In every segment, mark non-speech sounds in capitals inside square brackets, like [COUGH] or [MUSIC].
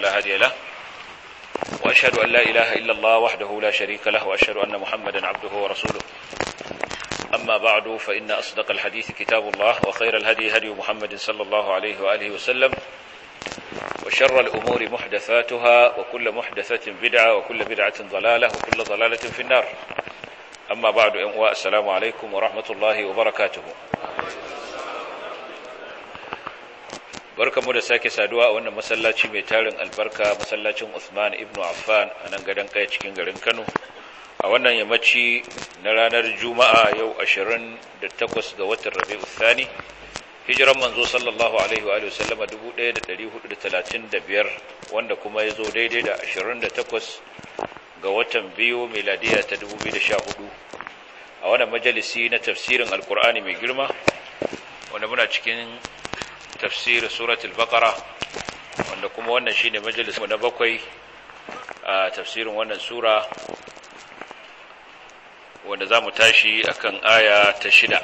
فلا هادي له وأشهد أن لا إله إلا الله وحده لا شريك له وأشهد أن محمدا عبده ورسوله أما بعد فإن أصدق الحديث كتاب الله وخير الهدي هدي محمد صلى الله عليه وآله وسلم وشر الأمور محدثاتها وكل محدثة بدعة وكل بدعة ضلالة وكل ضلالة في النار أما بعد السلام عليكم ورحمة الله وبركاته barkamu da sake saduwa a wannan masallaci mai tarin albarka masallacin Usman ibn Affan a nan gadan kai cikin garin Kano a wannan yammaci na ranar Juma'a yau 28 ga watan Rabiul Thani hijiran manzo sallallahu alaihi wa sallama 1435 wanda kuma ya zo daidai da 28 ga watan biyu miladiya ta 2014 a wannan majalisi na tafsirin alkur'ani mai girma wanda muna cikin tafsir suratul baqara wanda kuma wannan shine majalisinmu na bakwai a tafsirin wannan sura wanda za mu tashi akan aya ta shida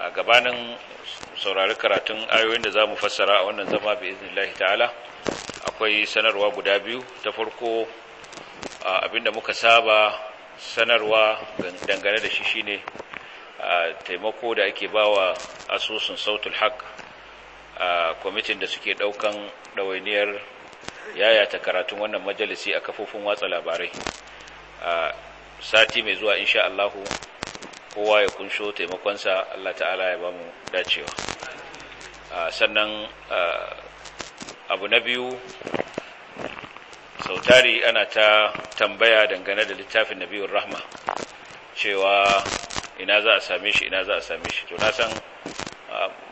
a gabanin saurari karatun ayoyin da za mu fassara a wannan zama bi iznillahi ta'ala akwai sanarwa guda biyu ta farko abinda muka saba sanarwa dangane da shi shine taimako da ake bawa asusun sautul haqq a kwamitin da suke ɗaukan ɗawainiyar yayata karatun wannan majalisi a kafofin watsa labarai a sati mai zuwa insha Allahu kowa ya kunsho sa Allah ta'ala ya bamu mu dacewa sannan abu na biyu sautari ana ta tambaya dangane da littafin nabiyun rahma cewa ina za a same shi ina za a same shi to na san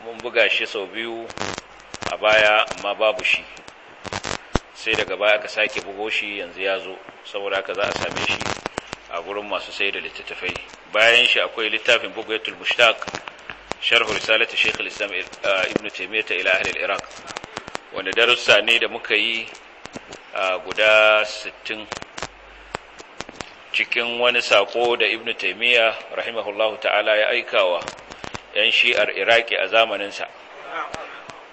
mun buga shi sau biyu a baya amma babu shi sai daga baya aka sake bugo shi yanzu ya zo saboda haka za a same shi a gurin masu sai da littattafai bayan shi akwai littafin bugayatul mushtaq sharh risalat shaykh al-islam ibn taymiyyah ila ahli al-iraq wanda darussa ne da muka yi guda 60 cikin wani sako da ibn taymiyyah rahimahullahu ta'ala ya aikawa 'yan shi'ar iraki a zamaninsa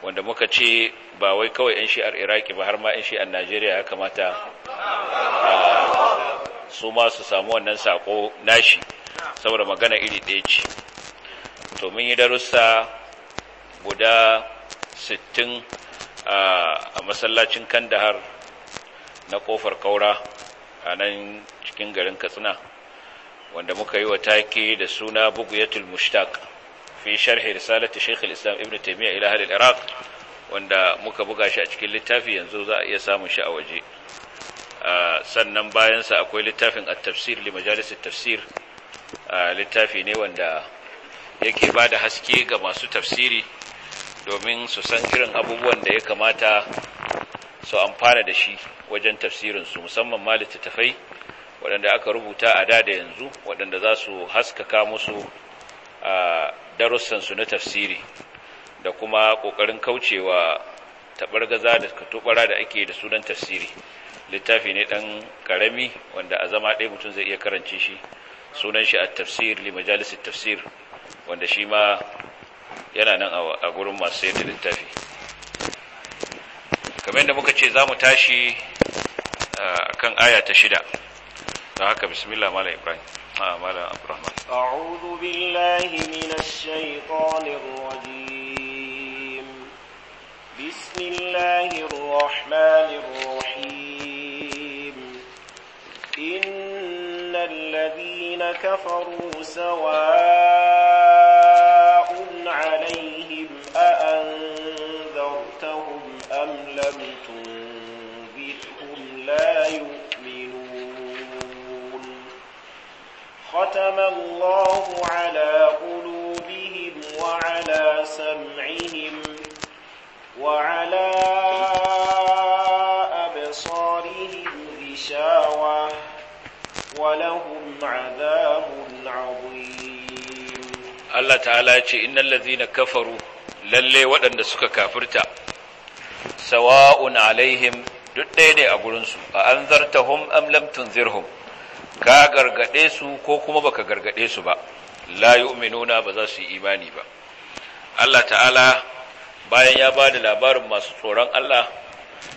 wanda muka ce ba wai kawai 'yan shi'ar iraki ba har ma 'yan shi'ar najeriya ya kamata ah, su ma su samu wannan sako nashi saboda magana iri ɗaya ce to mun yi darussa guda sittin ah, a masallacin kandahar na kofar kaura a nan cikin garin katsina wanda muka yi wa take da suna bugu yatul mushtaq fi sharhi risalati shaykh al-islam ibn taymiyyah ila ahli al-iraq wanda muka buga shi a cikin littafi yanzu za a iya samun shi a waje sannan bayan sa akwai littafin at-tafsir li majalis at-tafsir littafi ne wanda yake bada haske ga masu tafsiri domin su san irin abubuwan da ya kamata su amfana da shi wajen tafsirin su musamman ma littattafai waɗanda aka rubuta a da da yanzu waɗanda za su haskaka musu darussansu na tafsiri da kuma ƙoƙarin kaucewa taɓargaza da katobara da ake da sunan tafsiri littafi ne ɗan ƙarami wanda a zama ɗaya mutum zai iya karance shi sunan shi a tafsir li majalisar tafsir wanda shi ma yana nan a gurin masu sayar da littafi kamar yadda muka ce za mu tashi eh, a kan aya ta shida don haka bismillah mala ibrahim أبو آه، أعوذ بالله من الشيطان الرجيم بسم الله الرحمن الرحيم إن الذين كفروا سواء عليهم أأنذرتهم أم لم تنذرهم لا يؤمنون ختم الله على قلوبهم وعلى سمعهم وعلى أبصارهم غشاوة ولهم عذاب عظيم الله تعالى إن الذين كفروا lallai waɗanda suka kafirta sawa'un alaihim duk ɗaya ne a gurinsu a an zartahum am lam ka gargade su ko kuma baka gargade su ba la yu'minuna ba za su yi imani ba Allah ta'ala bayan ya ba da labarin masu tsoron Allah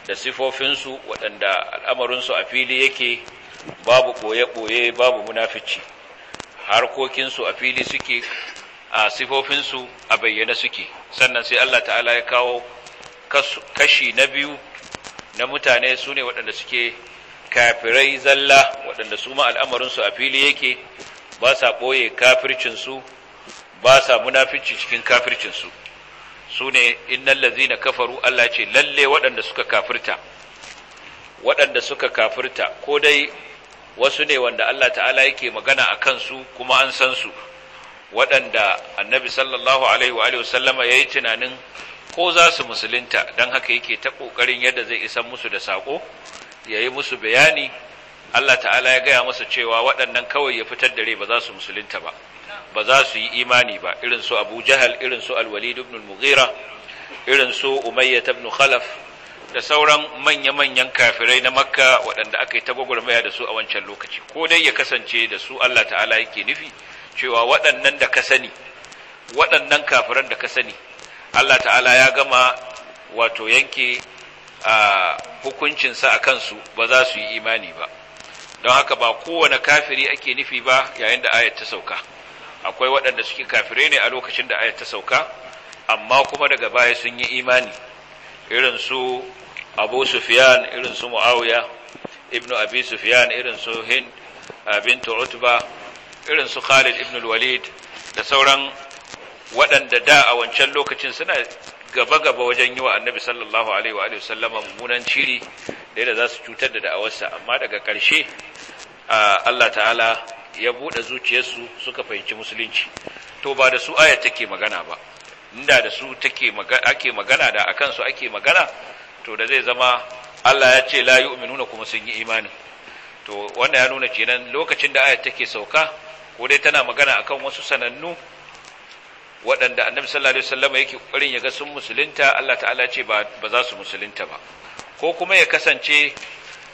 da sifofinsu waɗanda al'amarinsu a fili yake babu ɓoye-ɓoye babu munafici harkokinsu a fili suke a sifofinsu a bayyane suke sannan sai Allah ta'ala ya kawo kashi na biyu na mutane su ne waɗanda suke kafirai zalla waɗanda su ma al'amarinsu a fili yake ba sa ɓoye kafircinsu ba sa munafici cikin kafircinsu su ne innan lazina kafaru Allah ce lalle waɗanda suka kafirta waɗanda suka kafirta ko dai wasu ne wanda Allah ta'ala yake magana a kansu kuma an san su waɗanda annabi sallallahu alaihi wa sallama ya yi tunanin ko za su musulunta don haka yake ta ƙoƙarin yadda zai isan musu da saƙo ya yi musu bayani Allah ta'ala ya gaya masa cewa waɗannan kawai ya fitar da rai ba za su musulunta ba ba za su yi imani ba irin su abu jahal irin su alwalid ibn al-mughira irin su umayya ibn khalaf da sauran manya-manyan kafirai na makka waɗanda aka yi ta gwagwarmaya da su a wancan lokaci ko dai ya kasance da su Allah ta'ala yake nufi cewa waɗannan da ka sani waɗannan kafiran da ka sani Allah ta'ala ya gama wato yanke hukuncinsa a kansu ba za su yi imani ba don haka ba kowane kafiri ake nufi ba yayin da ayat ta sauka akwai waɗanda suke kafire ne a lokacin da ayat ta sauka amma kuma daga baya sun yi imani irin su abu sufiyan irin su mu'awiya ibnu abi sufiyan irin su hind bintu utba irin su khalid ibn walid da sauran waɗanda da a wancan lokacin suna gaba-gaba wajen yi wa annabi sallallahu alaihi wa sallama mummunan ciri da yadda za su cutar da da'awarsa amma daga ƙarshe Allah ta'ala ya buɗe zuciyarsu suka fahimci musulunci to ba da su ayat take magana ba inda da su take ake magana da akan su ake magana to da zai zama Allah ya ce la yu'minuna kuma sun yi imani to wannan ya nuna kenan lokacin da ayat take sauka ko dai tana magana akan wasu sanannu waɗanda annabi sallallahu alaihi wasallam yake kokarin ya ga sun musulunta Allah ta'ala ce ba za su musulunta ba ko kuma ya kasance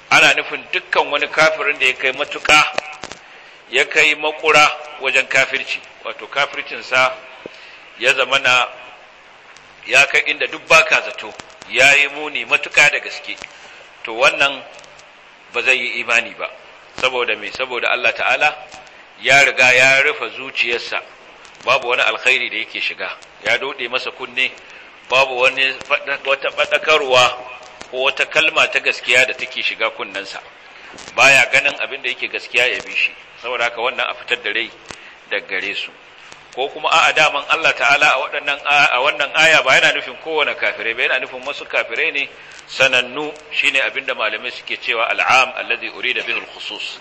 ana nufin dukkan wani kafirin da ya kai matuƙa ya kai makura wajen kafirci wato kafircinsa ya zama na ya kai inda duk baka zato yayi muni matuƙa da gaske to wannan ba zai yi imani ba saboda me saboda Allah ta'ala ya riga ya rufe zuciyarsa babu wani alkhairi da yake shiga ya dode masa kunne babu wani wata fadakarwa ko wata kalma ta gaskiya da take shiga kunnensa baya ganin abin da yake gaskiya ya bi shi saboda haka wannan a fitar da rai daga gare su ko kuma a'a adaman Allah ta'ala a waɗannan a wannan aya ba yana nufin kowane kafire ba yana nufin wasu kafirai ne sanannu shine abinda malamai suke cewa al'am allazi urida bihi al-khusus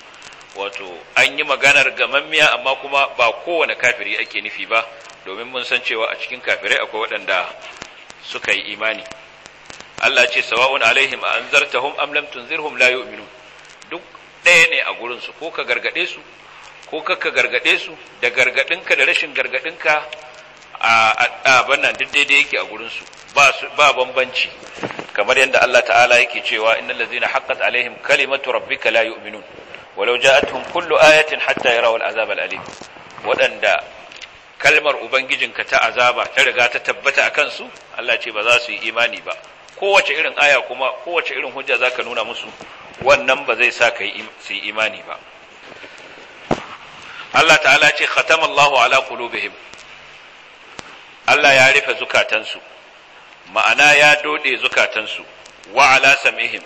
wato an yi maganar gamammiya amma kuma ba kowane kafiri ake nufi ba domin mun san cewa a cikin kafirai akwai waɗanda suka yi imani Allah ce sawa'un alaihim anzartahum am lam tunzirhum la yu'minun duk ɗaya ne a gurin su ko ka gargade su ko kaka gargade su da gargadinka da rashin gargadinka a nan duk daidai yake a gurin su ba bambanci kamar yadda Allah ta'ala yake cewa innal ladzina haqqat alaihim kalimatu rabbika la yu'minun walau ja'atuhum kullu ayatin hatta yarawu al'azab al'alim waɗanda kalmar ubangijinka ta azaba ta riga ta tabbata akan su Allah ce ba za su yi imani ba kowace irin aya kuma kowace irin hujja zaka nuna musu wannan ba zai sa ka su yi imani ba Allah ta'ala ce khatamallahu ala qulubihim Allah ya rufe zukatansu ma'ana ya dode zukatansu wa ala sam'ihim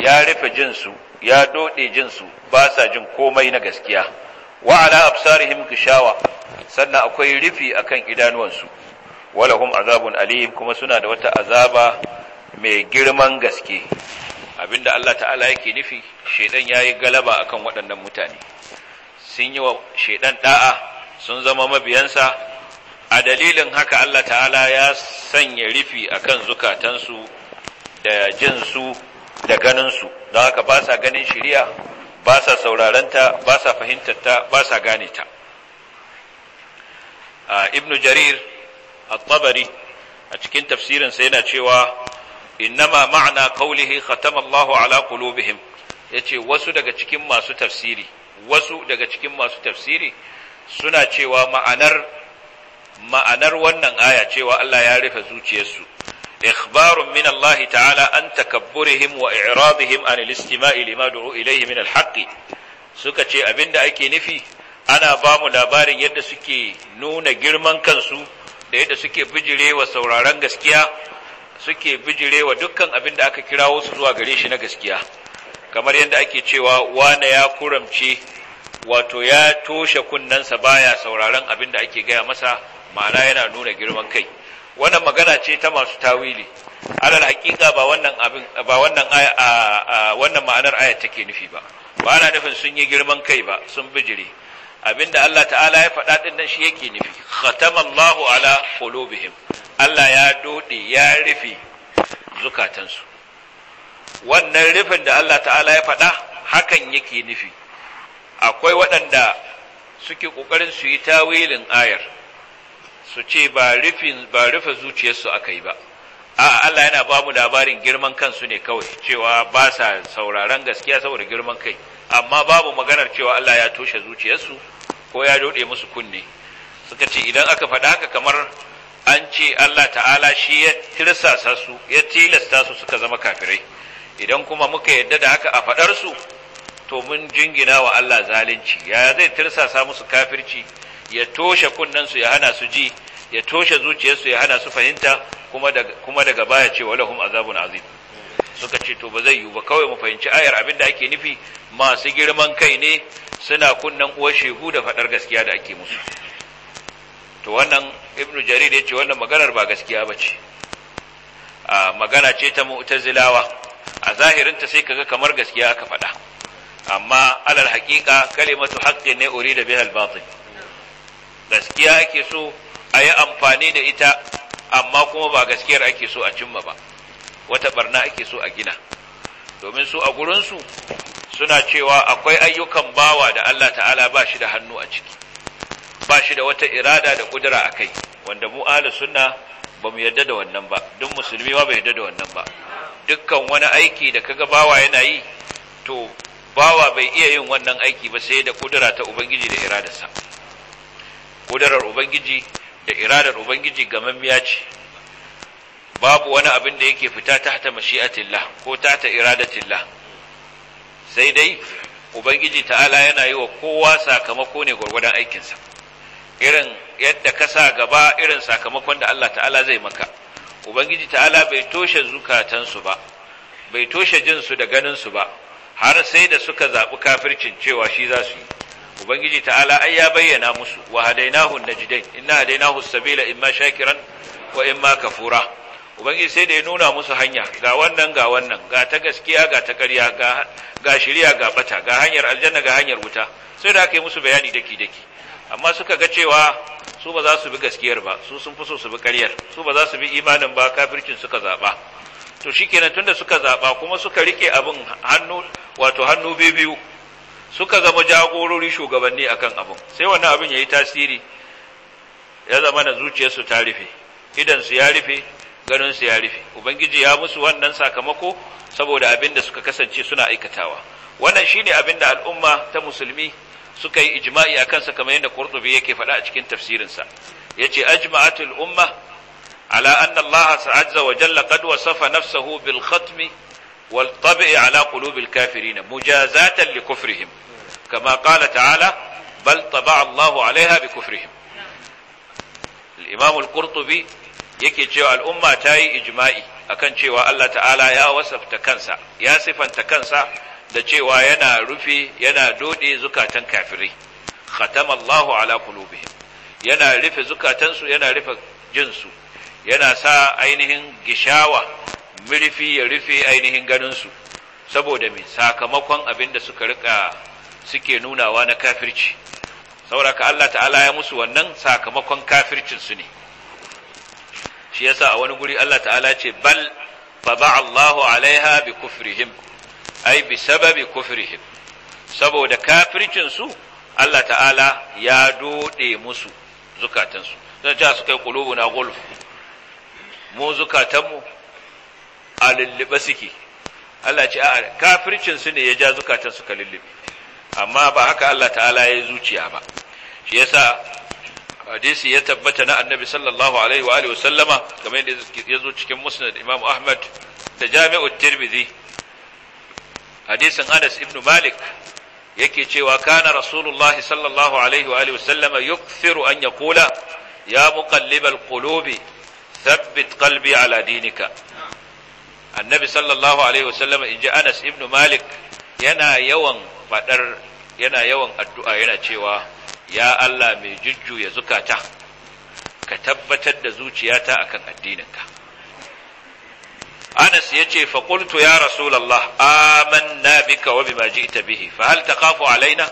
ya rufe jinsu ya dode jin su ba sa jin komai na gaskiya wa ala absarihim kishawa sannan akwai rufi akan idanuwansu walahum azabun alim kuma suna da wata azaba mai girman gaske abinda Allah ta'ala yake nufi shedan yayi galaba akan waɗannan mutane sun yi wa shedan da'a sun zama mabiyansa a dalilin haka Allah ta'ala ya sanya rufi akan zukatansu da jinsu da ganinsu don haka ba sa ganin shirya ba sa ta, ba sa ta, ba sa gane ta ibnu jarir at-tabari a cikin tafsirinsa yana cewa ma ma'ana qawlihi khatama Allahu ala qulubihim yace wasu daga cikin masu tafsiri wasu daga cikin masu tafsiri suna cewa ma'anar ma'anar wannan aya cewa Allah ya rufe zuciyarsu إخبار من الله تعالى أن تكبرهم وإعراضهم عن الاستماع لما دعوا إليه من الحق سكتي أبند أكي نفي أنا بام لابار يد سكي نون جرمان كنسو يد سكي بجلي وسوراران قسكيا suke bijirewa dukkan abinda aka kirawo su zuwa gare shi na gaskiya kamar yadda ake cewa wane ya kuramce wato ya toshe kunnensa baya sauraron abinda da ake gaya masa ma'ana yana nuna girman kai wannan magana ce ta masu tawili alal haƙiƙa ba wannan abin ba wannan wannan ma'anar aya take nufi ba ba ana nufin sun yi girman kai ba sun bijire abinda Allah ta'ala ya faɗa din nan shi yake nufi khatamallahu ala qulubihim Allah ya dode ya rufe zukatansu wannan rufin da Allah ta'ala ya faɗa hakan yake nufi akwai waɗanda suke ƙoƙarin su yi tawilin ayar su ce ba rufe zuciyarsu aka yi ba a Allah yana ba mu labarin girman kansu ne kawai cewa ba sa sauraron gaskiya saboda girman kai amma babu maganar cewa Allah ya toshe zuciyarsu ko ya dode musu kunne suka ce idan aka faɗa haka kamar an ce Allah ta'ala shi ya tirsasa su ya tilasta su suka zama kafirai idan kuma muka yadda da haka a faɗarsu to mun jingina wa Allah zalunci ya zai tirsasa musu kafirci ya toshe kunnen su ya hana su ji ya toshe zuciyarsu ya hana su fahimta kuma daga baya ce wa lahum azabun azim suka ce to ba zai yiwu ba kawai mu fahimci ayar abin da ake nufi masu girman kai ne suna kunnan uwar shehu da faɗar gaskiya da ake musu to wannan ibnu jarir ya ce wannan maganar ba gaskiya ba ce magana ce ta mu'tazilawa a zahirinta sai kaga kamar gaskiya aka faɗa amma alal haƙiƙa kalimatu haqqin ne uri da bihal batil gaskiya ake so a yi amfani da ita amma kuma ba gaskiyar ake so a cimma ba wata barna ake so a gina domin su a gurinsu suna cewa akwai ayyukan bawa da Allah ta'ala ba shi da hannu a ciki ba shi da wata irada da kudura a kai wanda mu ahli sunna ba mu yarda da wannan ba duk musulmi ba bai yarda da wannan ba dukkan wani aiki da kaga bawa yana yi to bawa bai iya yin wannan aiki ba sai da kudura ta ubangiji da iradarsa kudurar ubangiji da iradar ubangiji miya ce babu wani abin da yake fita tahta mashi'atillah ko tahta iradatillah sai dai ubangiji ta'ala yana yi wa kowa sakamako ne gwargwadon aikinsa irin yadda ka sa gaba irin sakamakon da Allah ta'ala zai maka ubangiji ta'ala bai toshe zukatansu ba bai toshe jinsu da ganinsu ba har sai da suka zaɓi kafircin cewa shi za su yi ubangiji ta'ala ai ya bayyana musu wa hadainahu najdain inna hadainahu sabila imma shakiran wa imma kafura ubangiji sai da ya nuna musu hanya ga wannan ga wannan ga ta gaskiya ga ta ƙarya ga ga shirya ga bata ga hanyar aljanna ga hanyar wuta sai da aka yi musu bayani daki daki amma suka ga cewa su ba za su bi gaskiyar ba su sun fi so su bi ƙaryar su ba za su bi imanin ba kafircin suka zaba to shikenan tunda suka zaɓa kuma suka rike abin hannu wato hannu biyu biyu suka zama jagorori shugabanni akan abin sai wannan abin ya yi tasiri ya zama na zuciyarsu ta rufe idansu ya rufe ganinsu ya rufe ubangiji ya musu wannan sakamako saboda abin da suka kasance suna aikatawa wannan shine abin da al'umma ta musulmi suka yi ijma'i akan sa kamar yadda Qurtubi yake faɗa a cikin tafsirinsa Ya ce ajma'atul umma ala anna Allah azza wa jalla qad wasafa nafsahu bil khatmi والطبئ على قلوب الكافرين مجازاة لكفرهم كما قال تعالى بل طبع الله عليها بكفرهم الإمام القرطبي يكي جوا الأمة تاي إجمائي أكن جوا الله تعالى يا وصف تكنسا يا صفا تكنسا da cewa yana rufe yana dode zukatan kafirai khatamallahu ala qulubihim yana rufe zukatansu ينا رف jinsu ينا سا أينهم gishawa murfi ya rufe ainihin ganinsu saboda mai sakamakon abin da suka rika suke nunawa na kafirci sauraka Allah ta'ala ya musu wannan sakamakon kafircinsu ne shi yasa a wani guri Allah ta'ala ce bal ba Allahu alaiha bi kufrihim ai bi sababi kufrihim saboda kafircinsu Allah ta'ala ya dode musu zukatansu zan ja su kai kulubuna gulf mu zukatanmu a lullube suke Allah ce a kafircin su ne ya ja zukatan suka lullube amma ba haka Allah ta'ala ya zuciya ba shi yasa hadisi ya tabbata na annabi sallallahu alaihi wa alihi sallama kamar yadda ya zo cikin musnad imam ahmad da jami'u tirmidhi hadisin anas ibn malik yake cewa kana rasulullahi sallallahu alaihi wa alihi sallama yukthiru an yaqula ya muqallibal qulubi thabbit qalbi ala dinika annabi sallallahu alaihi wasallam inji Anas ibn Malik yana yawan fadar yana yawan addu'a yana cewa ya Allah mai jujjuya zukata ka tabbatar da zuciyata akan addininka Anas ya ce, qultu ya Aman na bika wa bima ita bihi fa hal takhafu alaina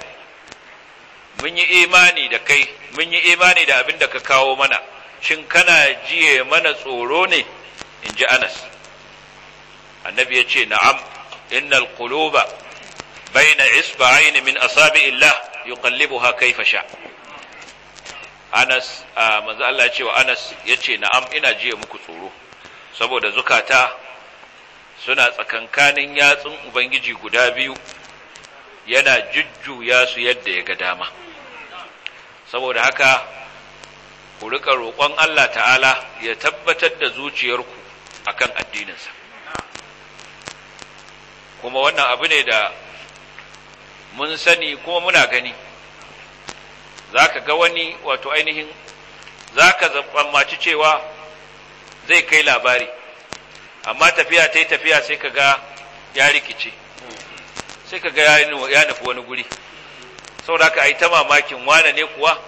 mun yi imani da kai mun yi imani da abin da ka kawo mana shin kana jiye mana tsoro ne inji Anas annabi ya ce na'am innal quluba baina isba'ain min asabi'illah yuqallibuha kayfa sha Anas manzo Allah ya ce wa Anas yace na'am ina jiya muku tsoro saboda zukata suna tsakankanin yatsun ubangiji guda biyu yana jujjuya su yadda ya ga dama saboda haka ku rika roƙon Allah ta'ala ya tabbatar da zuciyarku akan addininsa kuma wannan abu ne da mun sani kuma muna gani za ka ga wani wato ainihin za ka zammaci cewa zai kai labari amma tafiya ta yi tafiya sai ka ga ya rikice sai ka ga ya nufi wani guri sau haka a yi ta mamakin wane ne kuwa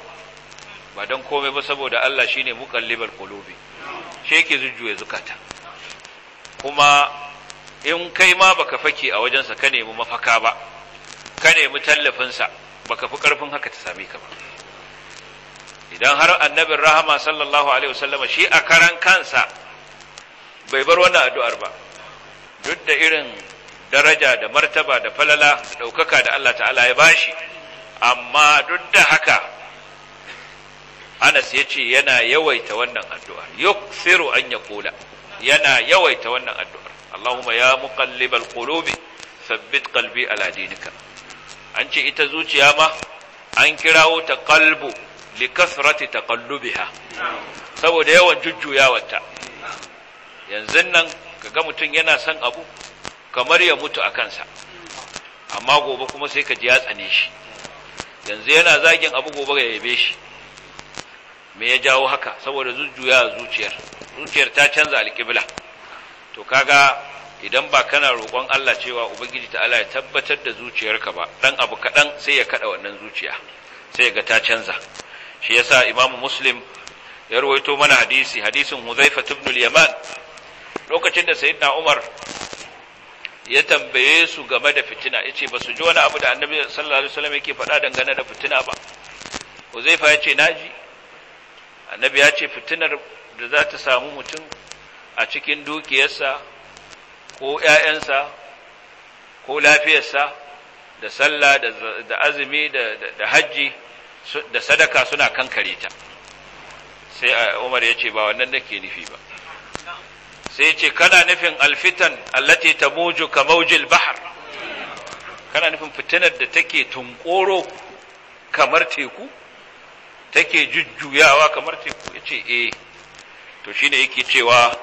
ba don komai ba saboda Allah shi ne libar kolobi shi yake zujjuya zukata kuma in kai ma baka fake a wajensa ka nemi mafaka ba ka nemi tallafinsa baka fi ƙarfin haka ta same ka ba idan har annabin rahama sallallahu alaihi wasallama shi a karan kansa bai bar wannan addu'ar ba duk da irin daraja da martaba da falala ɗaukaka da Allah ta'ala ya bashi amma duk da haka Anas ya ce yana yawaita wannan addu'ar yukthiru an yaqula yana yawaita wannan addu'ar Allahumma ya muƙalli qulubi sabbit ƙalbi ala an ce ita zuciya ma an kirawo ta qalbu ta kasrati taqallubiha saboda yawan jujjuyawarta yanzu nan ga mutum yana son abu kamar ya mutu a kansa amma gobe kuma sai ka ji ya tsane shi yanzu yana zagin abu gobe ya yabe shi me ya jawo haka saboda zujjuya zuciyar zuciyar ta canza alƙibla to kaga idan ba kana roƙon Allah cewa ubangiji ta ta'ala ya tabbatar da zuciyarka ba dan abu kaɗan sai ya kaɗa wannan zuciya sai ga ta canza shi yasa imamu muslim ya rawaito mana hadisi hadisin huzaifa ibn al-yaman lokacin da sayyidina umar ya tambaye su game da fitina yace ba su ji wani abu da annabi sallallahu alaihi wasallam yake faɗa dangane da fitina ba huzaifa yace naji annabi ya ce fitinar da za ta samu mutum a cikin dukiyarsa ko ‘ya'yansa ko lafiyarsa da sallah da azumi da hajji da sadaka suna kankare ta sai umar ya ce ba wannan nake nufi ba sai ce kana nufin alfitan allati ka maujil bahar kana nufin fitinar da take tunkoro kamar teku take jujjuyawa kamar teku ya ce eh to shine yake cewa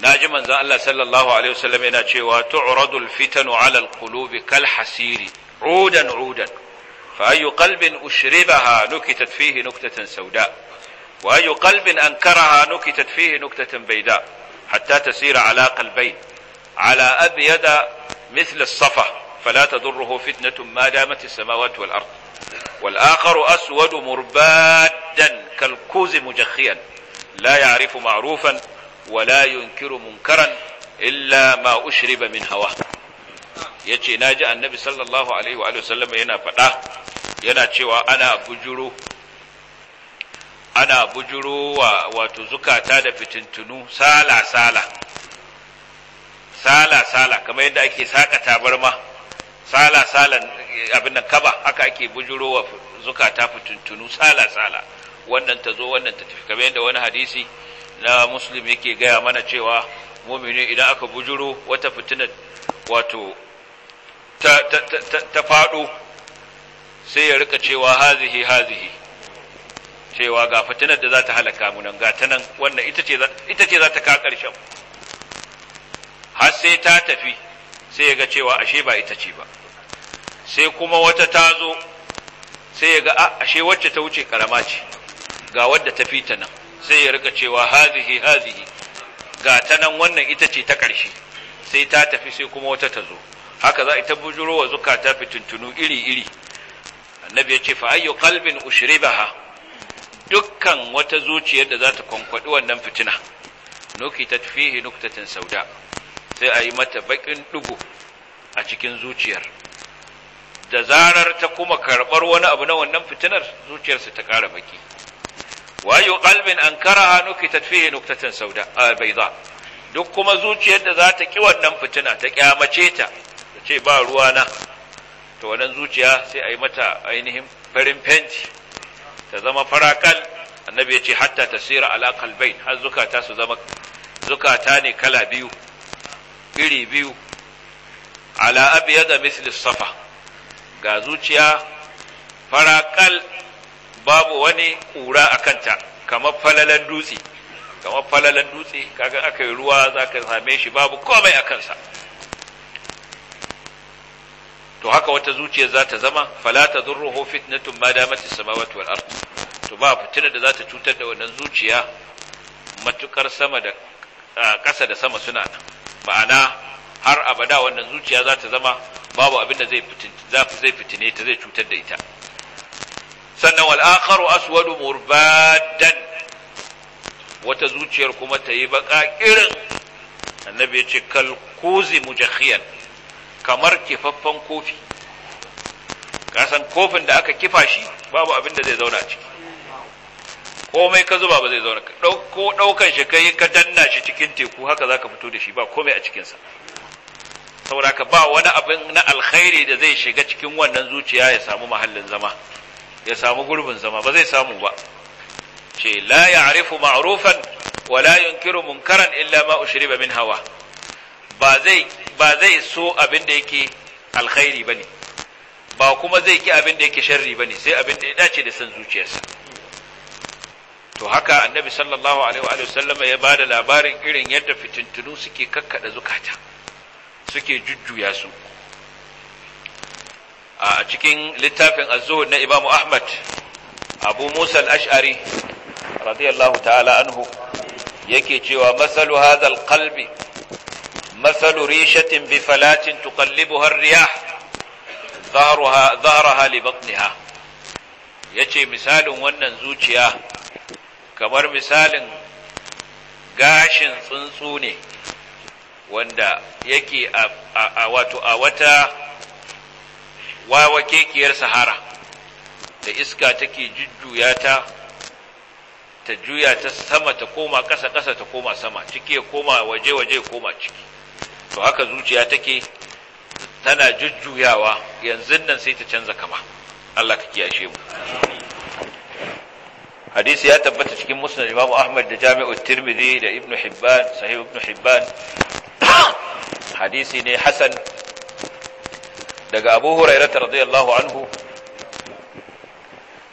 naji manzon Allah sallallahu alaihi wasallam yana cewa tu'radul fitanu 'ala alqulubi qulubi kal hasiri udan udan fa ayu qalbin ushribaha nukitat fihi nuktatan sawda wa ayu qalbin ankaraha nukitat fihi nuktatan bayda hatta tasira 'ala qalbayn 'ala abyada mithl as-safa fala tadurruhu fitnatun ma damat as-samawati wal ardh والآخر أسود مربادا كالكوز مجخيا لا يعرف معروفا ولا ينكر منكرا إلا ما أشرب من هواه يجي ناجي النبي صلى الله عليه وآله وسلم ينا فتاة ينا تشوى أنا بجرو أنا بجرو وتزكى تادا في تنتنو سالة سالة سالة سالة كما يدعي كي ساكتا برمه sala sala abin nan kaba haka ake bujuro wa zukata fituntunu sala sala wannan ta zo wannan ta tafi kamar yadda wani hadisi na muslim yake gaya mana cewa mumini idan aka bujuro wata fitinar, wato ta ta ta, ta fado sai ya rika cewa hazihi hazihi cewa ga fitinar da za ta halaka mu nan ga ta nan wannan ita ce za ta ka ƙarshen. har sai ta tafi sai ya ga cewa ashe ba ita ce ba sai kuma wata ta zo sai ya ga ah, ashe wacce ta wuce karama ce ga wadda ta ta nan sai ya rika cewa hazihi hazihi ga ta nan wannan ita ce ta ƙarshe sai ta tafi sai kuma wata ta zo haka za a ita bujuro wa zukata fitintunu iri-iri annabi ya ce fa ayyu qalbin ushribaha dukkan wata zuciyar da za ta kwankwadi wannan fitina nuki fihi nuktatan sauda sai a yi mata baƙin ɗugu a cikin zuciyar da zarar ta kuma karɓar wani abu na wannan fitinar zuciyarsa ta ƙara baƙi. wayo kalbin an karaha nukitat fihi nuktatan sauda za. duk kuma zuciyar da za ta ki wannan fitina ta kyamace ta ta ce ba ruwa na ta wannan zuciya sai a yi mata ainihin farin fenti ta zama farakal annabi ya ce hatta ta ala qalbayn har zukata su zama zukata ne kala biyu iri biyu ala da misli safa ga zuciya faraƙal babu wani kura a kanta kamar falalan dutse kamar falalan dutse kaga aka yi ruwa za ka same shi babu komai a kansa to haka wata zuciya za ta zama falata zurruhu fitnatun ma damati samawati wal wal'ar to ba fitina da za ta cutar da wannan zuciya matukar sama da ƙasa da sama suna nan ma'ana har abada wannan zuciya za ta zama babu abin da zai fitine ta zai cutar da ita sannan wal'akaru aswadu murbadan wata zuciyar kuma ta yi baka irin annabi ce kalkuzi mujakhiyan kamar kifaffen kofi kasan kofin da aka kifa shi babu abin da zai zauna ciki komai ka zuba ba zai zauna ko ɗaukan shi kai ka danna shi cikin teku haka za ka fito da shi ba komai a cikinsa sauraka ba wani abin na alkhairi da zai shiga cikin wannan zuciya ya samu mahallin zama ya samu gurbin zama ba zai samu ba ce la arifu maarufan. wa la yunkiru munkaran illa ma ba min hawa ba zai so abin da yake alkhairi bane ba kuma zai ki abin da yake sharri bane sai abin da ya dace da san zuciyarsa to haka annabi sallallahu alaihi wa sallam ya bada labarin irin yadda fitintunu suke kakkada zukata suke jujjuya su a cikin littafin az-zuhud na imamu ahmad abu musa al-ash'ari radiyallahu ta'ala anhu yake cewa masalu hadha al-qalbi masalu rishatin bi falatin tuqallibuha ar-riyah ظهرها ظهرها لبطنها yace misalin wannan zuciya kamar misalin gashin tsuntsu ne wanda yake a wato a wata wawakekiyar sahara da iska take jujjuya ta ta juya ta sama ta koma ƙasa ƙasa ta koma sama cike, koma waje waje koma ciki to haka zuciya take tana jujjuyawa yanzu nan sai ta canza kama Allah ka kiyashe mu حديث ياتب بتش كم مسنة الإمام أحمد لجامع الترمذي لابن حبان صحيح ابن حبان [COUGHS] حديثي حسن لقى أبو هريرة رضي الله عنه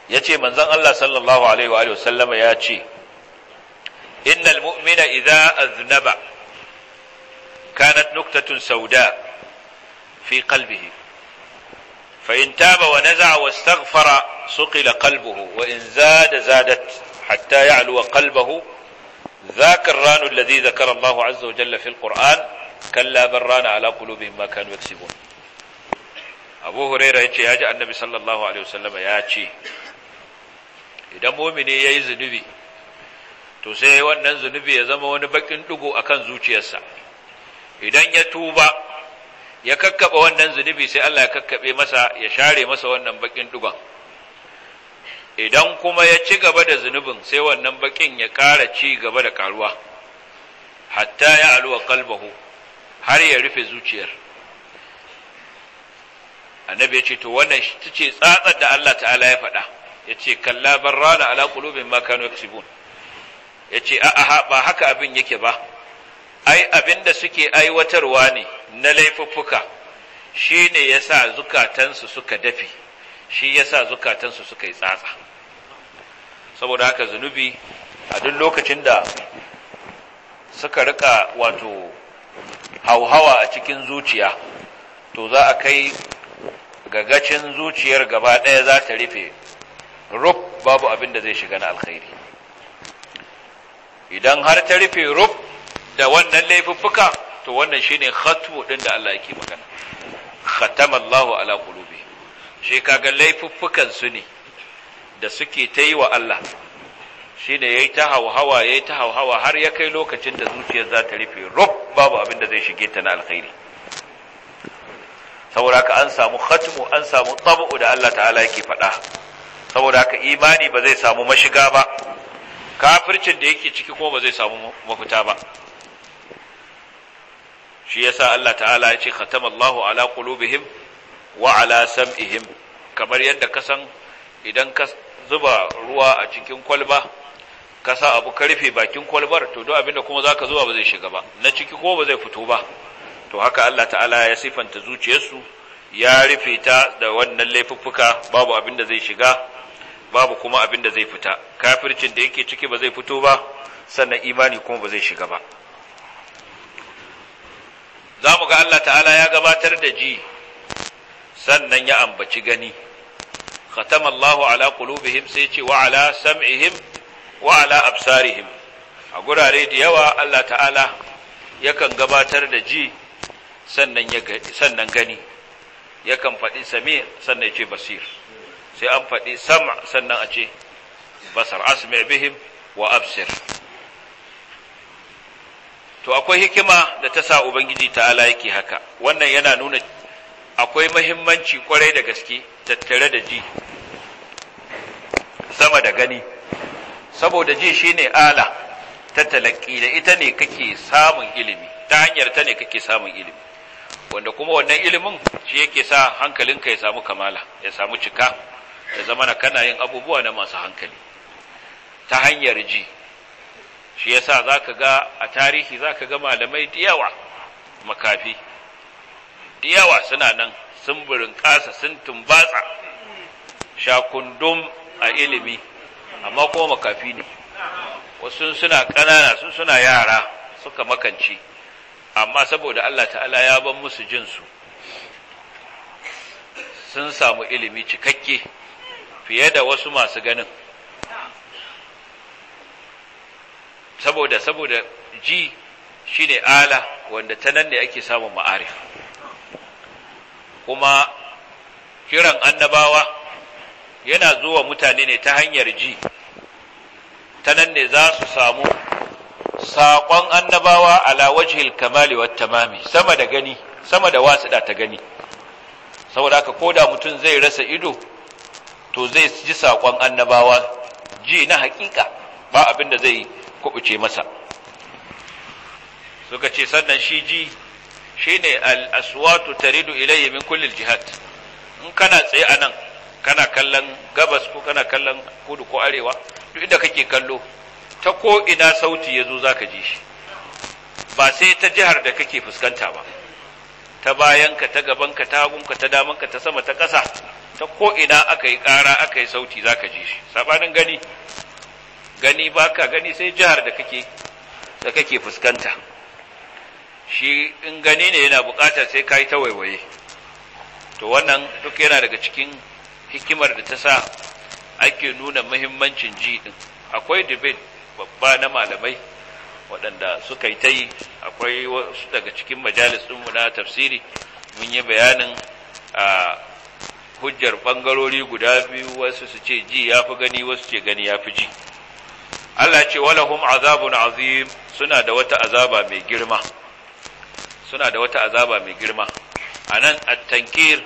يأتي من زن الله صلى الله عليه وآله وسلم يأتي إن المؤمن إذا أذنب كانت نكتة سوداء في قلبه فإن تاب ونزع واستغفر صقل قلبه وإن زاد زادت حتى يعلو قلبه ذاك الران الذي ذكر الله عز وجل في القرآن كلا بران على قلوبهم ما كانوا يكسبون أبو هريرة يجي يا النبي صلى الله عليه وسلم يا إذا idan mumini ya yi zunubi to sai wannan zunubi ya zama wani bakin dugu akan zuciyarsa idan ya tuba ya kakkaɓa wannan zunubi sai Allah ya kakkaɓe masa ya share masa wannan bakin dugon idan kuma ya ci gaba da zunubin sai wannan bakin ya ƙara ci gaba da ƙaruwa. hatta ya aluwa kalbahu har ya rufe zuciyar annabi ya ce to wannan ta ce tsatsar da Allah ta'ala ya faɗa ya ce kalla barrana ala qulubin makano ya ce a'a ba haka abin yake ba ai abinda suke aiwatarwa ne na laifuffuka shi ne ya sa zukatansu suka dafi shi ya sa zukatansu suka yi tsatsa saboda haka zunubi a duk lokacin da suka rika wato hauhawa a cikin zuciya to za a kai gagacin zuciyar gaba ɗaya za ta rufe rub babu abin da zai shiga na alkhairi idan har ta rufe rub. da wannan laifuffuka to wannan shine khatmu din da Allah yake magana khatama Allahu ala qulubi shi kaga laifuffukan su ne da suke ta yi wa Allah shine yayi ta hawhawa yayi ta hawhawa har ya kai lokacin da zuciyar za ta rufe rub babu abin da zai shige ta na alkhairi saboda haka an samu khatmu an samu tabu da Allah ta'ala yake faɗa saboda haka imani ba zai samu mashiga ba kafircin da yake ciki kuma ba zai samu mafita ba shi yasa Allah ta'ala ya ce khatamallahu ala qulubihim wa ala sam'ihim kamar yadda ka san idan ka zuba ruwa a cikin kwalba ka sa abu ka rufe bakin kwalbar to duk abinda kuma zaka zuba ba zai shiga ba na ciki ko ba zai fito ba to haka Allah ta'ala ya sifanta zuciyarsu ya rufe ta da wannan laifuffuka babu abinda zai shiga babu kuma abinda zai fita kafircin da yake ciki ba zai fito ba sannan imani kuma ba zai shiga ba za mu ga Allah ta'ala ya gabatar da ji sannan ya ambaci gani khatama Allahu ala qulubihim sai ce wa ala sam'ihim wa ala absarihim a gurare da yawa Allah ta'ala yakan gabatar da ji sannan ya sannan gani yakan faɗi sami sannan ya ce basir sai an faɗi sam' sannan a ce basar asmi' bihim wa absir to akwai hikima da ta sa ubangiji ta'ala yake haka wannan yana nuna akwai mahimmanci kwarai da gaske tattare da ji sama da gani saboda ji shine ala ta talaki da ita ne kake samun ilimi ta hanyar ta ne kake samun ilimi wanda kuma wannan ilimin shi yake sa hankalinka ya samu kamala ya samu cika ya zama na kana yin abubuwa na masu hankali ta hanyar ji shi yasa zaka ga a tarihi zaka ga malamai diyawa makafi diyawa suna nan sun burin kasa sun tumbatsa shakundum a ilimi amma kuma makafi ne wasu suna ƙanana sun suna yara suka makanci amma saboda Allah ta'ala ya ban musu jinsu sun samu ilimi cikakke fiye da wasu masu ganin saboda saboda ji shine ala wanda ta nan ne ake samun ma'arif kuma kiran annabawa yana zuwa mutane ne ta hanyar ji ta nan ne za su samu saƙon annabawa ala wajhil kamali wat tamami sama da gani sama da wasuɗa ta gani saboda ko koda mutum zai rasa ido to zai ji saƙon annabawa ji na haƙiƙa ba abin da zai kubuce masa suka ce sannan shi ji shine al-aswatu taridu ilayya min kullum jihad in kana tsaye a nan kana kallon gabas ko kana kallon kudu ko arewa duk inda kake kallo ta ko ina sauti ya zo za ka ji shi ba sai ta jihar da kake fuskanta ba ta bayanka ta gabanka ta hagunka ta damanka ta sama ta ƙasa ta ko ina aka yi ƙara aka yi sauti za ka ji shi sabanin gani gani ba baka gani sai jihar da kake da kake fuskanta shi in gani ne yana bukatar sai kai ta waiwaye to wannan duk yana daga cikin hikimar da ta sa ake nuna muhimmancin ji din akwai debate babba na malamai waɗanda suka yi ta yi akwai wasu daga cikin majalis ɗinmu na tafsiri mun yi bayanin a hujjar ɓangarori guda biyu wasu su ce ji ya fi gani wasu ce gani ya fi ji Allah ce walahum azabun azim suna da wata azaba mai girma suna da wata azaba mai girma anan at-tankir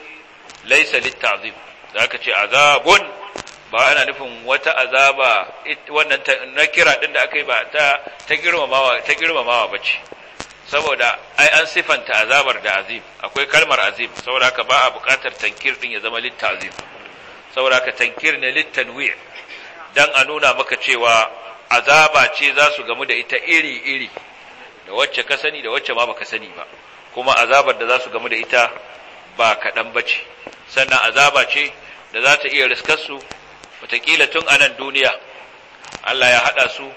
laysa lit-ta'zim zaka ce azabun ba ana nufin wata azaba wannan na kira din da aka yi ba ta ta girmamawa ta girmamawa bace saboda ai an sifanta azabar da azim akwai kalmar azim saboda haka ba a buƙatar tankir din ya zama lit-ta'zim saboda haka tankir ne lit-tanwi' dan a nuna maka cewa azaba ce za su gamu da ita iri-iri da wacce ka sani da wacce ba baka sani ba kuma azabar da za su gamu da ita ba kaɗan ba ce sannan azaba ce da za ta iya riskarsu watakila tun anan duniya Allah ya haɗa su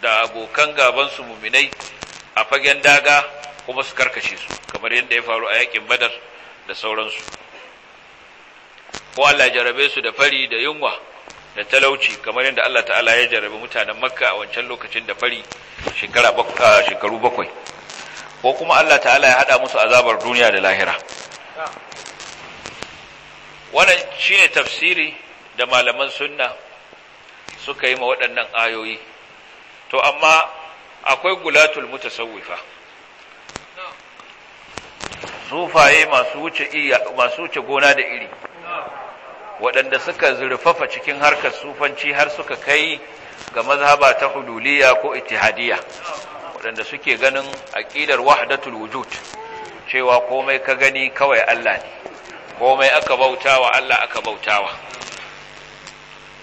da abokan gabansu muminai a fagen daga kuma su karkashe su kamar yadda ya faru a yakin badar da sauransu ko Allah ya jarabe su da fari da yunwa da talauci kamar yadda Allah ta'ala ya jarabi mutanen makka a wancan lokacin da fari shekaru bakwai ko kuma Allah ta'ala ya hada musu azabar duniya da lahira wannan shine tafsiri da malaman sunna suka yi ma waɗannan ayoyi to amma akwai gulatul mutasawwifa sufaye masu wuce masu wuce gona da iri waɗanda suka zurfafa cikin harkar sufanci har suka kai ga mazhaba ta hululiya ko itihadiya waɗanda suke ganin aƙidar wahdatul wujud cewa komai ka gani kawai Allah ne komai aka bautawa Allah aka bautawa